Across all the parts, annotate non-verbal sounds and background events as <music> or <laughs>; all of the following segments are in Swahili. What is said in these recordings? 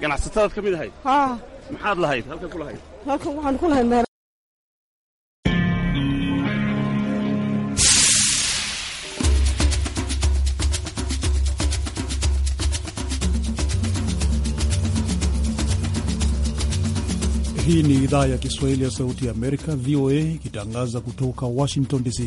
ganacsatadaad ka mid ahayd maxaad lahayd halkan ku lahayd halkan waxaan ku lahayd Hii ni idhaa ya Kiswahili ya Sauti ya Amerika, VOA, ikitangaza kutoka Washington DC.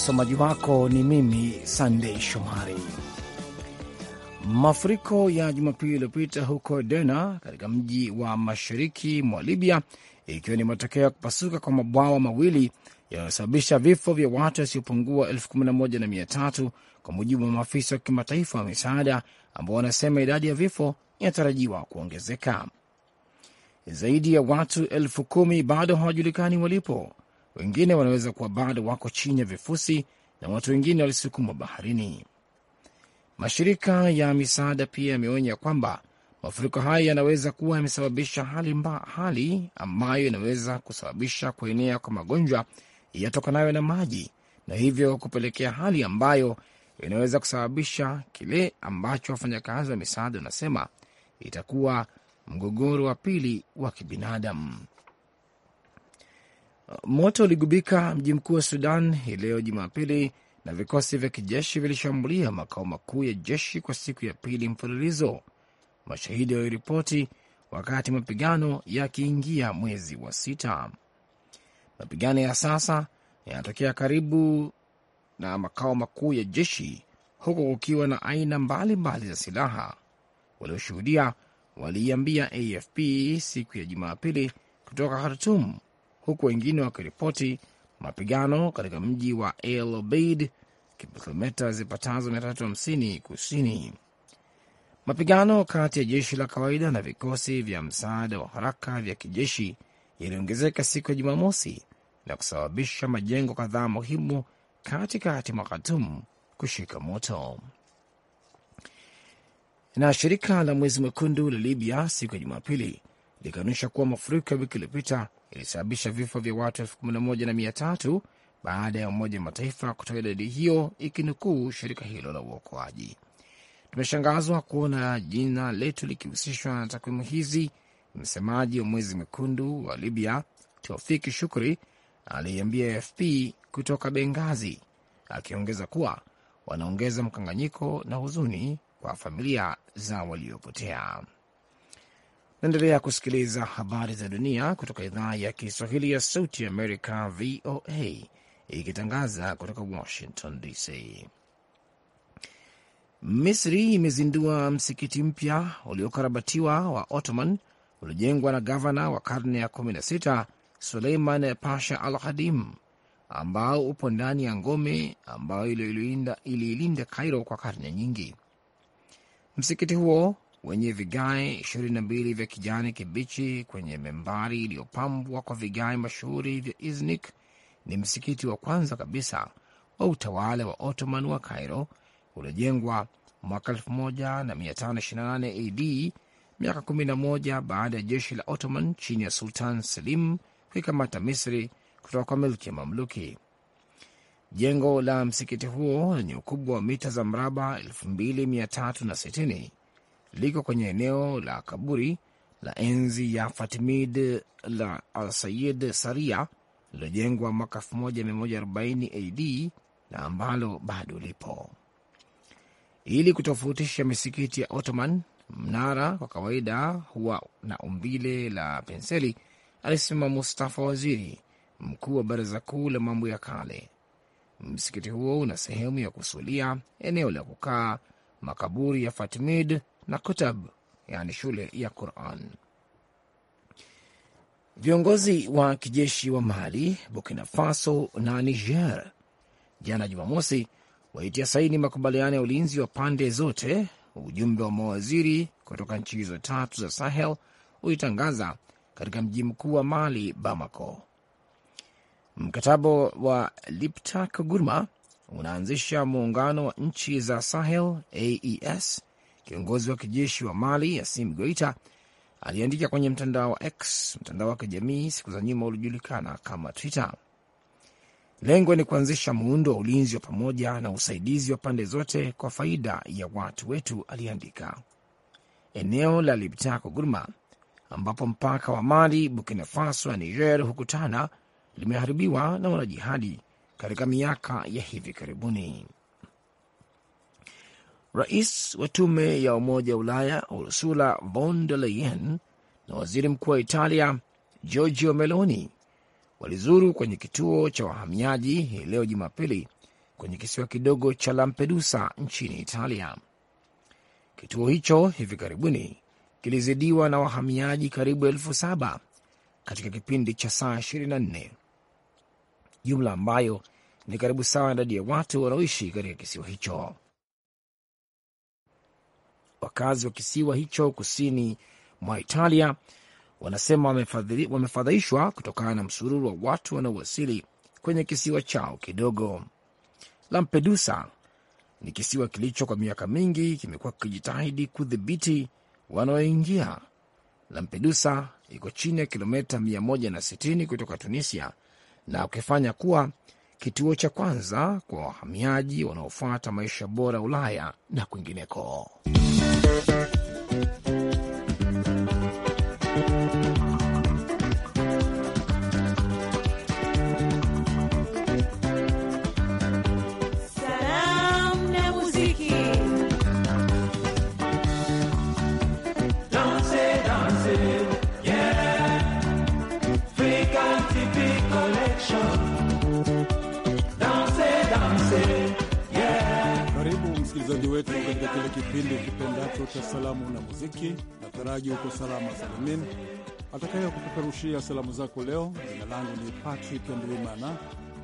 Msomaji wako ni mimi Sandei Shomari. Mafuriko ya Jumapili iliyopita huko Dena katika mji wa mashariki mwa Libya, ikiwa ni matokeo ya kupasuka kwa mabwawa mawili yanayosababisha vifo vya watu wasiopungua elfu kumi na moja na mia tatu kwa mujibu wa maafisa wa kimataifa wa misaada ambao wanasema idadi ya vifo inatarajiwa kuongezeka. Zaidi ya watu elfu kumi bado hawajulikani walipo wengine wanaweza kuwa bado wako chini ya vifusi na watu wengine walisukumwa baharini. Mashirika ya misaada pia yameonya kwamba mafuriko hayo yanaweza kuwa yamesababisha hali, hali ambayo inaweza kusababisha kuenea kwa magonjwa yatokanayo na maji na hivyo kupelekea hali ambayo inaweza kusababisha kile ambacho wafanyakazi wa misaada wanasema itakuwa mgogoro wa pili wa kibinadamu. Moto uligubika mji mkuu wa Sudan hii leo Jumapili, na vikosi vya kijeshi vilishambulia makao makuu ya jeshi kwa siku ya pili mfululizo, mashahidi waliripoti, wakati mapigano yakiingia mwezi wa sita. Mapigano ya sasa yanatokea karibu na makao makuu ya jeshi, huku kukiwa na aina mbalimbali mbali za silaha. Walioshuhudia waliiambia AFP siku ya Jumapili kutoka Khartum huku wengine wakiripoti mapigano katika mji wa El Obeid, kilomita zipatazo 350 kusini. Mapigano kati ya jeshi la kawaida na vikosi vya msaada wa haraka vya kijeshi yaliongezeka siku ya Jumamosi na kusababisha majengo kadhaa muhimu katikati mwa Khartoum kushika moto. Na shirika la Mwezi Mwekundu la Libya siku ya Jumapili likanusha kuwa mafuriko ya wiki iliyopita ilisababisha vifo vya watu elfu kumi na moja na mia tatu baada ya Umoja wa Mataifa kutoa idadi hiyo ikinukuu shirika hilo la uokoaji. Tumeshangazwa kuona jina letu likihusishwa na takwimu hizi, msemaji wa Mwezi Mwekundu wa Libya tofiki Shukri aliyeambia AFP kutoka Bengazi, akiongeza kuwa wanaongeza mkanganyiko na huzuni kwa familia za waliopotea. Naendelea kusikiliza habari za dunia kutoka idhaa ya Kiswahili ya Sauti ya Amerika, VOA, ikitangaza kutoka Washington DC. Misri imezindua msikiti mpya uliokarabatiwa wa Ottoman uliojengwa na gavana wa karne ya 16 Suleiman Pasha Al Hadim, ambao upo ndani ya ngome ambayo iliilinda Kairo kwa karne nyingi. Msikiti huo wenye vigae 22 vya kijani kibichi kwenye membari iliyopambwa kwa vigae mashuhuri vya Iznik ni msikiti wa kwanza kabisa wa utawala wa Ottoman wa Cairo uliojengwa mwaka 1528 AD, miaka 11 baada ya jeshi la Ottoman chini ya Sultan Selim kuikamata Misri kutoka kwa milki ya Mamluki. Jengo la msikiti huo lenye ukubwa wa mita za mraba 2360 liko kwenye eneo la kaburi la enzi ya Fatimid la Alsayid Saria lililojengwa mwaka 1140 AD na ambalo bado lipo. Ili kutofautisha misikiti ya Ottoman, mnara kwa kawaida huwa na umbile la penseli, alisema Mustafa Waziri, mkuu wa Baraza Kuu la Mambo ya Kale. Msikiti huo una sehemu ya kusulia, eneo la kukaa, makaburi ya Fatimid na kutab, yani shule ya Quran. Viongozi wa kijeshi wa Mali, Burkina Faso na Niger jana Jumamosi waitia saini makubaliano ya ulinzi wa pande zote. Ujumbe wa mawaziri kutoka nchi hizo tatu za Sahel ulitangaza katika mji mkuu wa Mali, Bamako. Mkataba wa Liptak Gurma unaanzisha muungano wa nchi za Sahel, AES, Kiongozi wa kijeshi wa Mali Yasim Goita aliandika kwenye mtandao wa X, mtandao wa kijamii siku za nyuma uliojulikana kama Twitter. Lengo ni kuanzisha muundo wa ulinzi wa pamoja na usaidizi wa pande zote kwa faida ya watu wetu, aliandika. Eneo la Liptako Gurma ambapo mpaka wa Mali, Burkina Faso na Niger hukutana limeharibiwa na wanajihadi katika miaka ya hivi karibuni. Rais wa tume ya Umoja wa Ulaya Ursula von der Leyen na waziri mkuu wa Italia Giorgio Meloni walizuru kwenye kituo cha wahamiaji hii leo Jumapili kwenye kisiwa kidogo cha Lampedusa nchini Italia. Kituo hicho hivi karibuni kilizidiwa na wahamiaji karibu elfu saba katika kipindi cha saa 24, jumla ambayo ni karibu sawa idadi ya watu wanaoishi katika kisiwa hicho wakazi wa kisiwa hicho kusini mwa Italia wanasema wamefadhaishwa kutokana na msururu wa watu wanaowasili kwenye kisiwa chao kidogo. Lampedusa ni kisiwa kilicho kwa miaka mingi kimekuwa kikijitahidi kudhibiti wanaoingia. Lampedusa iko chini ya kilomita 160 kutoka Tunisia na ukifanya kuwa kituo cha kwanza kwa wahamiaji wanaofuata maisha bora Ulaya na kwingineko. msikilizaji wetu katika kile kipindi kipendacho cha salamu na muziki. Nataraji uko salama salamin. Atakaye kupeperushia salamu zako leo, jina langu ni Patrick Ndwimana,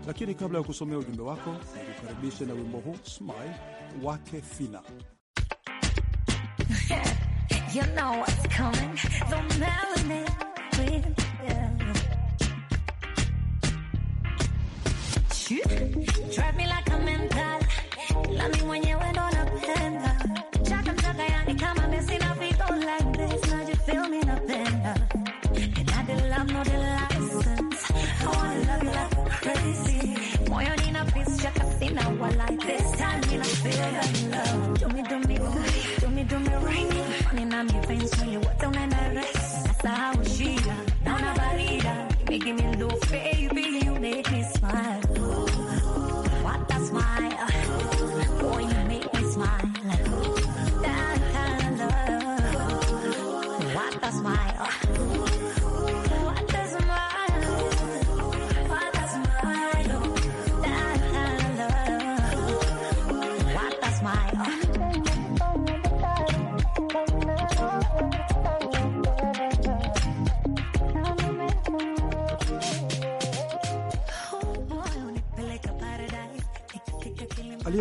lakini kabla ya kusomea ujumbe wako, nikukaribishe na wimbo huu Smile wake Fina. <laughs> You know what's coming, the Don't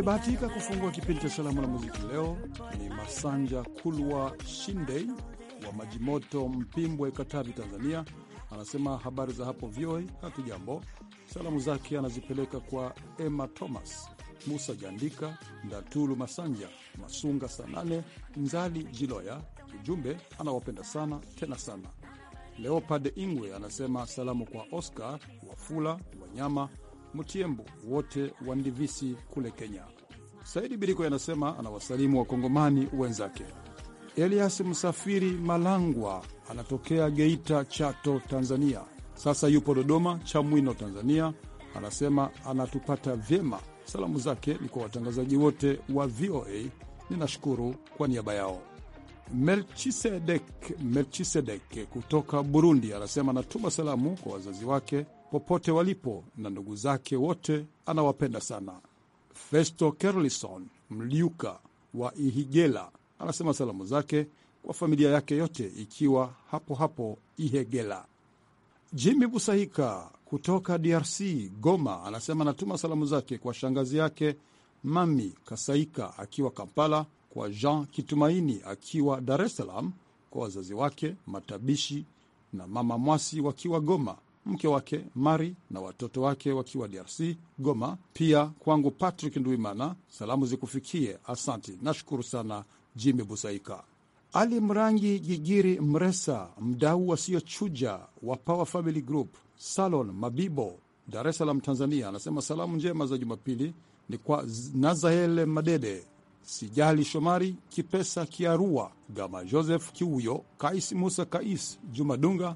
Aliyebahatika kufungua kipindi cha salamu na muziki leo ni Masanja Kulwa Shindei wa Majimoto, Mpimbwe, Katavi, Tanzania. Anasema habari za hapo VOA, hatujambo. Salamu zake anazipeleka kwa Emma Thomas, Musa Jandika, Ndatulu Masanja, Masunga Sanane, Nzali Jiloya. Ujumbe anawapenda sana tena sana. Leopard Ingwe anasema salamu kwa Oscar Wafula Wanyama Mutiembo wote wa Ndivisi kule Kenya. Saidi Biriko anasema anawasalimu wakongomani wenzake. Elias Msafiri Malangwa anatokea Geita, Chato, Tanzania. Sasa yupo Dodoma, Chamwino, Tanzania. Anasema anatupata vyema. Salamu zake ni kwa watangazaji wote wa VOA. Ninashukuru kwa niaba yao. Melchisedek Melchisedek kutoka Burundi anasema anatuma salamu kwa wazazi wake popote walipo na ndugu zake wote, anawapenda sana. Festo Kerlison Mliuka wa Ihigela anasema salamu zake kwa familia yake yote ikiwa hapo hapo Ihegela. jimi Busahika kutoka DRC, Goma, anasema anatuma salamu zake kwa shangazi yake Mami Kasaika akiwa Kampala, kwa Jean Kitumaini akiwa Dar es Salaam, kwa wazazi wake Matabishi na Mama Mwasi wakiwa Goma, mke wake Mari na watoto wake wakiwa DRC Goma. Pia kwangu Patrick nduimana salamu zikufikie. Asanti, nashukuru sana jimi Busaika, Ali Mrangi, Gigiri Mresa, mdau wasiochuja wa Power Family Group, Salon Mabibo, Dar es Salaam, Tanzania, anasema salamu njema za Jumapili ni kwa Nazael Madede, Sijali Shomari, Kipesa Kiarua, Gama Joseph Kiuyo, Kais Musa Kais, jumadunga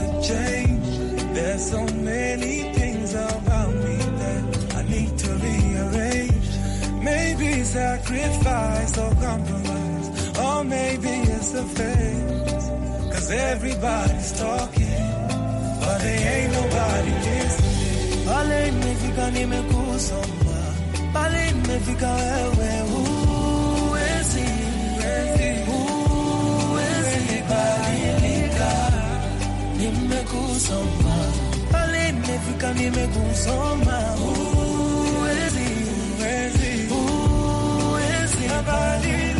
change. There's so many things about me that I need to rearrange. Maybe sacrifice or compromise, or maybe it's a face. Cause everybody's talking, but they ain't nobody listening. Pale nimefika nimekusoma, pale nimefika wewe huu nimekusoma pale nimefika, nimekusoma uwezi, uwezi, uwezi, uwezi, uwezi, uwezi, uwezi, uwezi, uwezi,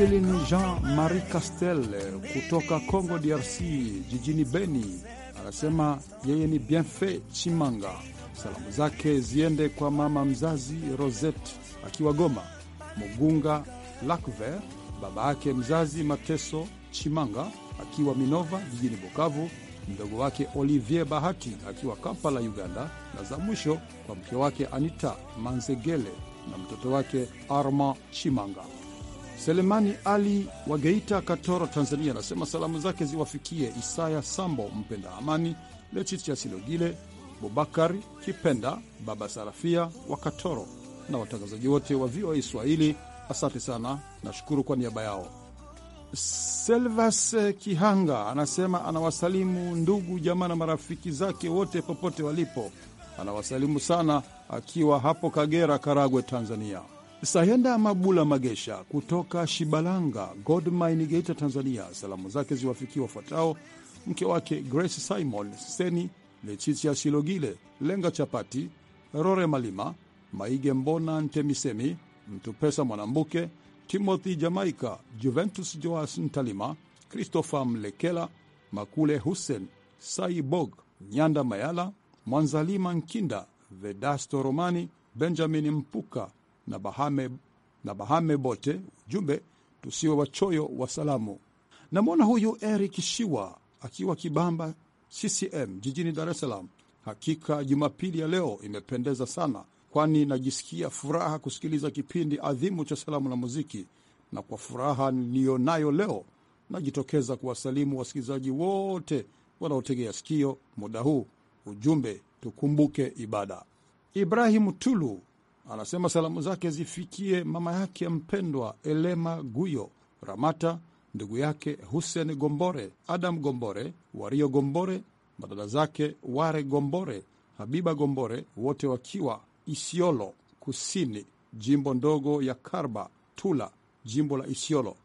Madeleine Jean-Marie Castel kutoka Congo DRC jijini Beni anasema yeye ni Bienfait Chimanga. Salamu zake ziende kwa mama mzazi Rosette akiwa Goma, Mugunga Lacver, baba yake mzazi Mateso Chimanga akiwa Minova jijini Bukavu, mdogo wake Olivier Bahati akiwa Kampala, Uganda, na za mwisho kwa mke wake Anita Manzegele na mtoto wake Arma Chimanga. Selemani Ali wa Geita, Katoro, Tanzania, anasema salamu zake ziwafikie Isaya Sambo, Mpenda Amani, Letitia Silogile, Bubakari Kipenda, Baba Sarafia wa Katoro na watangazaji wote wa VOA Swahili. Asante sana, nashukuru kwa niaba yao. Selvas Kihanga anasema anawasalimu ndugu jamaa na marafiki zake wote popote walipo. Anawasalimu sana akiwa hapo Kagera, Karagwe, Tanzania. Sayenda Mabula Magesha kutoka Shibalanga Gold Mine, Geita, Tanzania. Salamu zake ziwafikie wafuatao: mke wake Grace Simon Seni, Lechicia Shilogile, Lenga Chapati, Rore Malima, Maige Mbona, Ntemisemi Mtupesa, Mwanambuke Timothy, Jamaica Juventus, Joas Ntalima, Christopher Mlekela, Makule Hussein, Saibog Nyanda Mayala, Mwanzalima Nkinda, Vedasto Romani, Benjamin Mpuka na Bahame, na Bahame bote. Ujumbe, tusiwe wachoyo wa salamu. Namwona huyu Eric Shiwa akiwa Kibamba CCM jijini Dar es Salaam. Hakika Jumapili ya leo imependeza sana, kwani najisikia furaha kusikiliza kipindi adhimu cha salamu na muziki, na kwa furaha niliyonayo leo najitokeza kuwasalimu wasikilizaji wote wanaotegea sikio muda huu. Ujumbe, tukumbuke ibada. Ibrahimu Tulu anasema salamu zake zifikie mama yake mpendwa Elema Guyo Ramata, ndugu yake Hussein Gombore, Adam Gombore, Wario Gombore, madada zake Ware Gombore, Habiba Gombore, wote wakiwa Isiolo Kusini, jimbo ndogo ya Karba Tula, jimbo la Isiolo.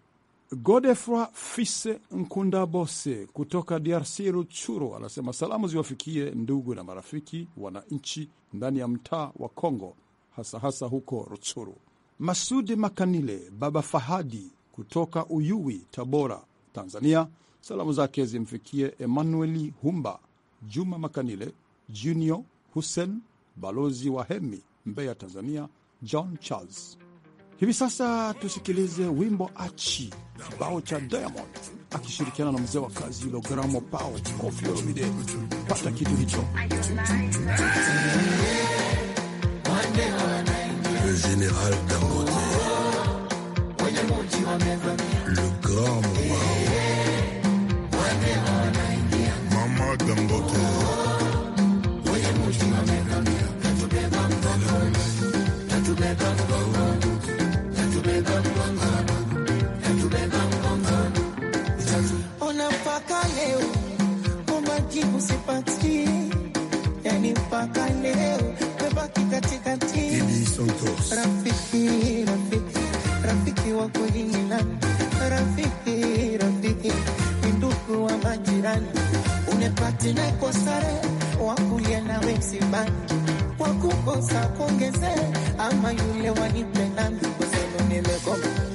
Godefroi Fise Nkundabose kutoka DRC, Ruchuru, anasema salamu ziwafikie ndugu na marafiki wananchi ndani ya mtaa wa Kongo hasa hasa huko Rutshuru. Masudi Makanile, Baba Fahadi kutoka Uyui, Tabora, Tanzania, salamu zake zimfikie Emanueli Humba, Juma Makanile Junior, Hussein balozi wa Hemi, Mbeya, Tanzania, John Charles. Hivi sasa tusikilize wimbo achi kibao cha Diamond akishirikiana na mzee wa kazi Logramo Pao Kofi Olomide. Pata kitu hicho le général Dangote, le grand Mao, Maman Dangote. leo rafiki, rafiki, rafiki wa kuhila, rafiki, rafiki ni ndugu wa majirani, unepatine kwa sare wakulie na wesibaki kwa kukosa kuongezee ama yule wanipe nami kusema nimekoma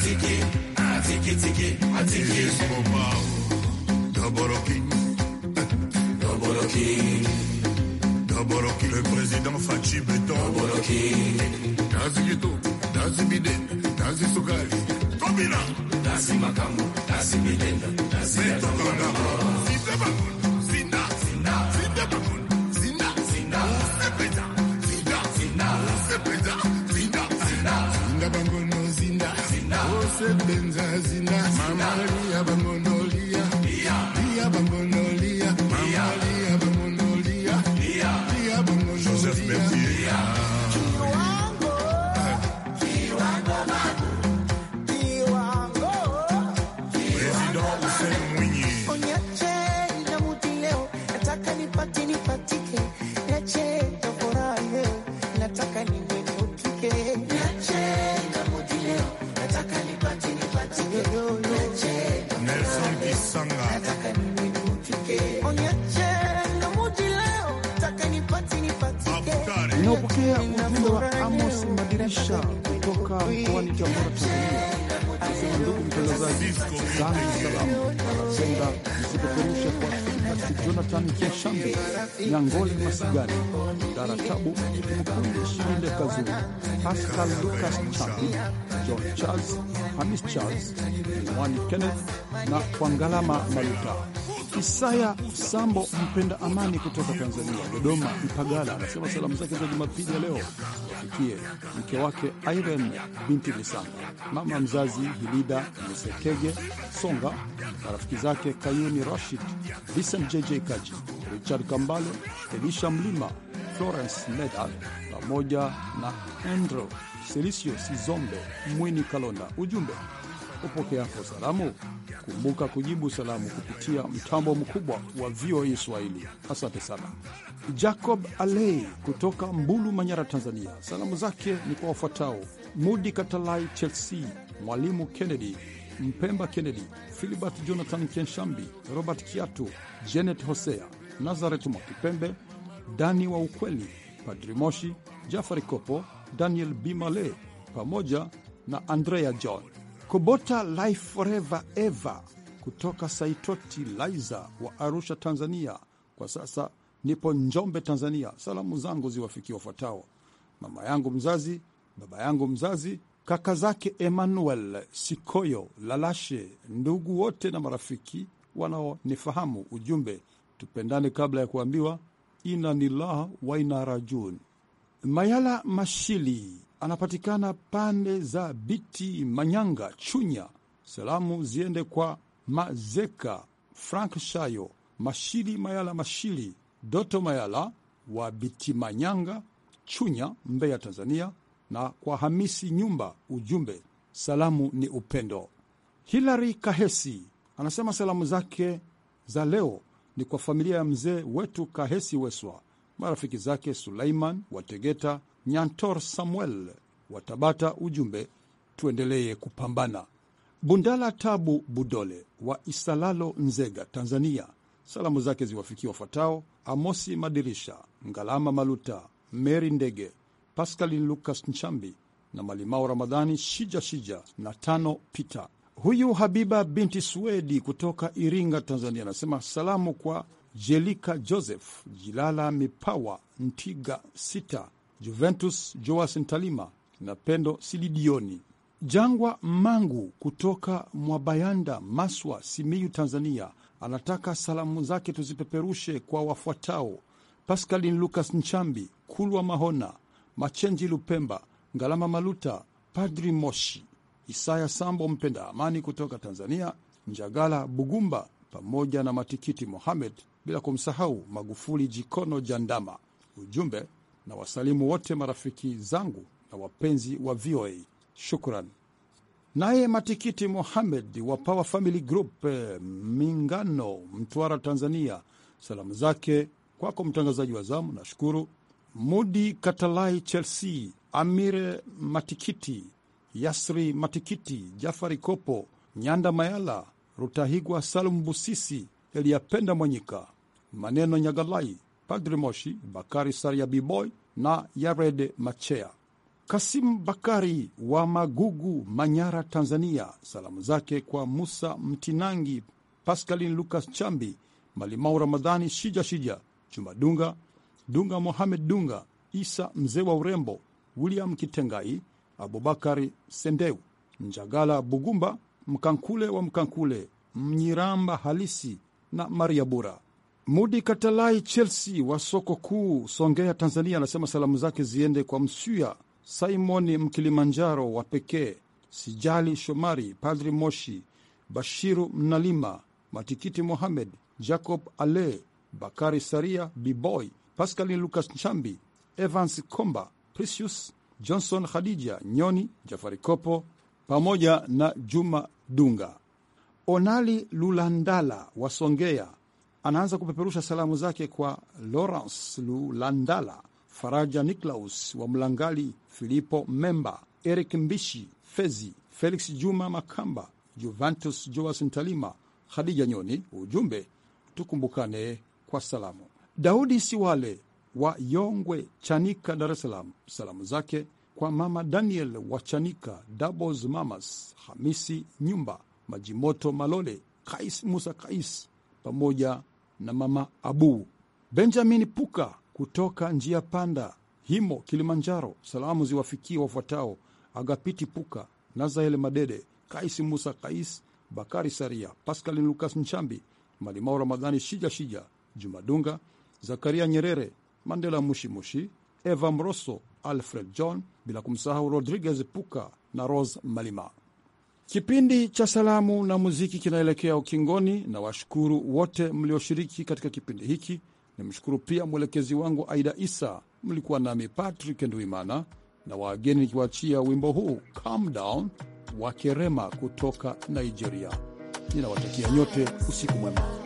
atike atike tike atike. Daboroki, <laughs> Daboroki, Daboroki, le président Fachi Beton. Daboroki, Dazigito, Dazibide, Dazisugari, Kobina, Dazimakambo, Dazibidenda, Dazibidenda. sebenza zina mamalia bangonolia ia bangonolia Tunaopokea ujumbe wa Amos Madirisha kutoka mkoani Tabora, Tanzania, asema ndugu mtangazaji, zangu salamu napenda zipeperusha kwa Fikatu Jonathan Kiashambe, Nyangole Masigani, Daratabu Mkunde, Shinde Kazuri, Pascal Lukas Chambi, John Charles, Hamis Charles, wani Kenneth na Kwangalama Maluta. Isaya Sambo mpenda amani kutoka Tanzania, Dodoma Mpagala, anasema salamu zake za Jumapili ya leo wafikie mke wake Irene binti Misanga, mama mzazi Hilida Mesekege Songa, na rafiki zake Kayuni Rashid, Vincent JJ Kaji, Richard Kambale, Elisha Mlima, Florence Medal pamoja na Andrew Selisio Sizombe Mwini Kalonda. Ujumbe kwa salamu? Kumbuka kujibu salamu kupitia mtambo mkubwa wa VOA Swahili. Asante sana. Jacob Alei kutoka Mbulu, Manyara, Tanzania, salamu zake ni kwa wafuatao: Mudi Katalai, Chelsea Mwalimu, Kennedy Mpemba, Kennedy Filibert, Jonathan Kenshambi, Robert Kiatu, Janet Hosea, Nazaret Mwakipembe, Dani wa Ukweli, Padri Moshi, Jafari Kopo, Daniel Bimale pamoja na Andrea John. Kobota Life Forever Ever kutoka Saitoti Laiza wa Arusha, Tanzania. Kwa sasa nipo Njombe, Tanzania. Salamu zangu ziwafikie wafuatao: mama yangu mzazi, baba yangu mzazi, kaka zake Emmanuel Sikoyo Lalashe, ndugu wote na marafiki wanaonifahamu. Ujumbe, tupendane kabla ya kuambiwa ina nilah wa rajun. Mayala Mashili anapatikana pande za Biti, Manyanga, Chunya. Salamu ziende kwa Mazeka Frank Shayo, Mashili Mayala, Mashili Doto Mayala wa Biti, Manyanga, Chunya, Mbeya, Tanzania, na kwa Hamisi Nyumba. Ujumbe salamu ni upendo. Hilary Kahesi anasema salamu zake za leo ni kwa familia ya mzee wetu Kahesi Weswa, marafiki zake Suleiman Wategeta, Nyantor Samuel wa Tabata. Ujumbe, tuendelee kupambana. Bundala Tabu Budole wa Isalalo, Nzega, Tanzania, salamu zake ziwafikiwa wafuatao: Amosi Madirisha, Ngalama Maluta, Meri Ndege, Pascalin Lucas Nchambi na Malimao Ramadhani Shija Shija na Tano Pita. Huyu Habiba binti Swedi kutoka Iringa, Tanzania, anasema salamu kwa Jelika Joseph Jilala Mipawa Ntiga Sita Juventus Joasin Talima na Pendo Silidioni. Jangwa Mangu kutoka Mwabayanda, Maswa, Simiyu, Tanzania, anataka salamu zake tuzipeperushe kwa wafuatao: Pascalin Lukas Nchambi, Kulwa Mahona, Machenji Lupemba, Ngalama Maluta, Padri Moshi, Isaya Sambo, mpenda amani kutoka Tanzania, Njagala Bugumba pamoja na Matikiti Mohamed, bila kumsahau Magufuli Jikono Jandama. Ujumbe na wasalimu wote marafiki zangu na wapenzi wa VOA. Shukran. Naye Matikiti Mohamed wa Power Family Group eh, Mingano, Mtwara, Tanzania, salamu zake kwako mtangazaji wa zamu. Nashukuru Mudi Katalai, Chelsea, Amir Matikiti, Yasri Matikiti, Jafari Kopo, Nyanda Mayala, Rutahigwa Salum Busisi, Eliyapenda Mwanyika, Maneno Nyagalai, Padri Moshi, Bakari Saria, Biboy na Yared Machea. Kasim Bakari wa Magugu, Manyara, Tanzania, salamu zake kwa Musa Mtinangi, Paskalin Lukas Chambi, Malimau Ramadhani, Shija Shija, Chuma Dunga, Dunga Mohamed Dunga, Isa mzee wa urembo, William Kitengai, Abubakari Sendeu, Njagala Bugumba, Mkankule wa Mkankule, Mnyiramba halisi na Maria Bura. Mudi Katalai Chelsea wa soko kuu Songea, Tanzania, anasema salamu zake ziende kwa Msuya Simoni Mkilimanjaro wa pekee, Sijali Shomari, Padri Moshi, Bashiru Mnalima, Matikiti Mohamed, Jacob Ale, Bakari Saria, Biboy, Pascalin Lucas Nchambi, Evans Komba, Precious Johnson, Khadija Nyoni, Jafari Kopo pamoja na Juma Dunga. Onali Lulandala wa Songea anaanza kupeperusha salamu zake kwa Lawrence Lulandala, Faraja Niklaus wa Mlangali, Filipo Memba, Eric Mbishi Fezi, Felix Juma Makamba, Juventus Joas Ntalima, Khadija Nyoni. Ujumbe, tukumbukane kwa salamu. Daudi Siwale wa Yongwe Chanika, Dar es Salaam, salamu zake kwa Mama Daniel wa Chanika, Doubles Mamas, Hamisi Nyumba, Majimoto Malole, Kais Musa Kais pamoja na Mama Abu Benjamin Puka kutoka Njia Panda, Himo, Kilimanjaro. Salamu ziwafikie wafuatao: Agapiti Puka, Nazael Madede, Kaisi Musa Kais, Bakari Saria, Paskalin Lukas Nchambi, Malimao Ramadhani, Shija Shija, Jumadunga, Zakaria Nyerere, Mandela Mushimushi, Eva Mroso, Alfred John, bila kumsahau Rodriguez Puka na Rose Malima. Kipindi cha salamu na muziki kinaelekea ukingoni, na washukuru wote mlioshiriki katika kipindi hiki. Nimshukuru pia mwelekezi wangu Aida Isa. Mlikuwa nami Patrick Nduimana na wageni, nikiwaachia wimbo huu calm down wa Kerema kutoka Nigeria. Ninawatakia nyote usiku mwema.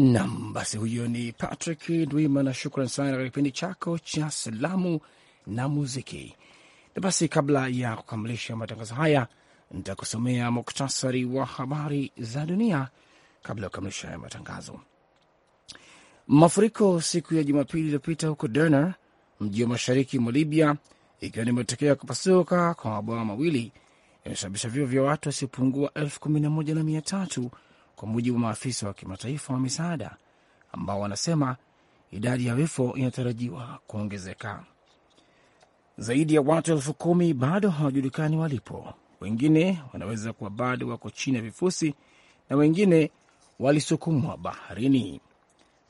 Nam, basi huyo ni Patrick na shukran sana kwa kipindi chako cha salamu na muziki. Na basi kabla ya kukamilisha matangazo haya, nitakusomea muktasari wa habari za dunia kabla ya kukamilisha haya matangazo. Mafuriko siku ya Jumapili iliyopita huko Derna, mji wa mashariki mwa Libya, ikiwa ni matokeo ya kupasuka kwa mabwawa mawili yamesababisha vifo vya watu wasiopungua elfu kumi na moja na mia tatu kwa mujibu wa maafisa wa kimataifa wa misaada ambao wanasema idadi ya vifo inatarajiwa kuongezeka. Zaidi ya watu elfu kumi bado hawajulikani walipo, wengine wanaweza kuwa bado wako chini ya vifusi na wengine walisukumwa baharini.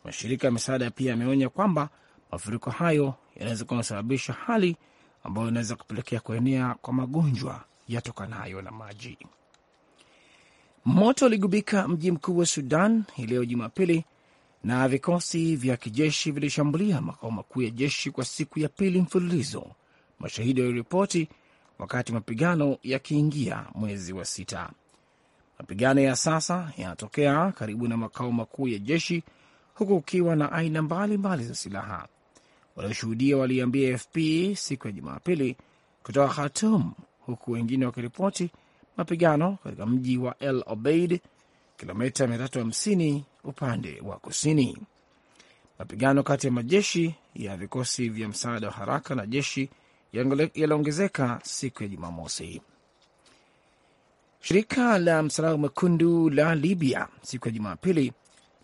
Mashirika ya misaada pia yameonya kwamba mafuriko hayo yanaweza kusababisha hali ambayo inaweza kupelekea kuenea kwa magonjwa yatokanayo na maji. Moto uligubika mji mkuu wa Sudan hii leo Jumapili, na vikosi vya kijeshi vilishambulia makao makuu ya jeshi kwa siku ya pili mfululizo, mashahidi waliripoti, wakati mapigano yakiingia mwezi wa sita. Mapigano ya sasa yanatokea karibu na makao makuu ya jeshi, huku kukiwa na aina mbalimbali za silaha. Walioshuhudia waliambia AFP siku ya Jumapili kutoka Khartoum, huku wengine wakiripoti mapigano katika mji wa El Obeid, kilomita 350 upande wa kusini. Mapigano kati ya majeshi ya vikosi vya msaada wa haraka na jeshi yaliongezeka siku ya Jumamosi. Shirika la Msalaba Mwekundu la Libya siku ya Jumapili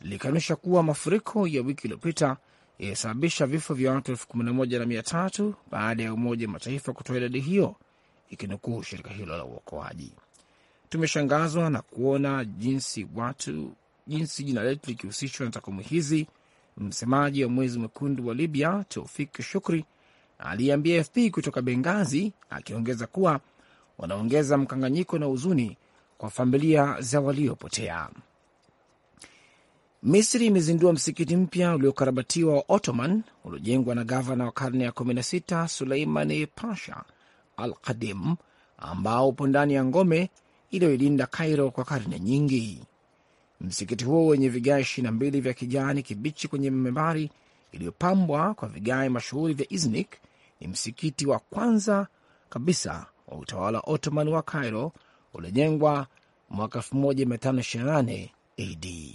lilikanusha kuwa mafuriko ya wiki iliyopita yalisababisha vifo vya watu elfu kumi na moja na mia tatu baada ya Umoja Mataifa kutoa idadi hiyo ikinukuu shirika hilo la uokoaji. Tumeshangazwa na kuona jinsi watu jinsi jina letu likihusishwa na takwimu hizi, msemaji wa mwezi mwekundu wa Libya Taufik Shukri aliyeambia AFP kutoka Bengazi, akiongeza kuwa wanaongeza mkanganyiko na huzuni kwa familia za waliopotea. Misri imezindua msikiti mpya uliokarabatiwa wa Ottoman uliojengwa na gavana wa karne ya 16 Suleimani Pasha al Qadim ambao upo ndani ya ngome iliyoilinda Kairo kwa karne nyingi. Msikiti huo wenye vigae ishirini na mbili vya kijani kibichi kwenye mimbari iliyopambwa kwa vigae mashuhuri vya Iznik ni msikiti wa kwanza kabisa wa utawala wa Ottoman wa Cairo uliojengwa mwaka 1528 AD.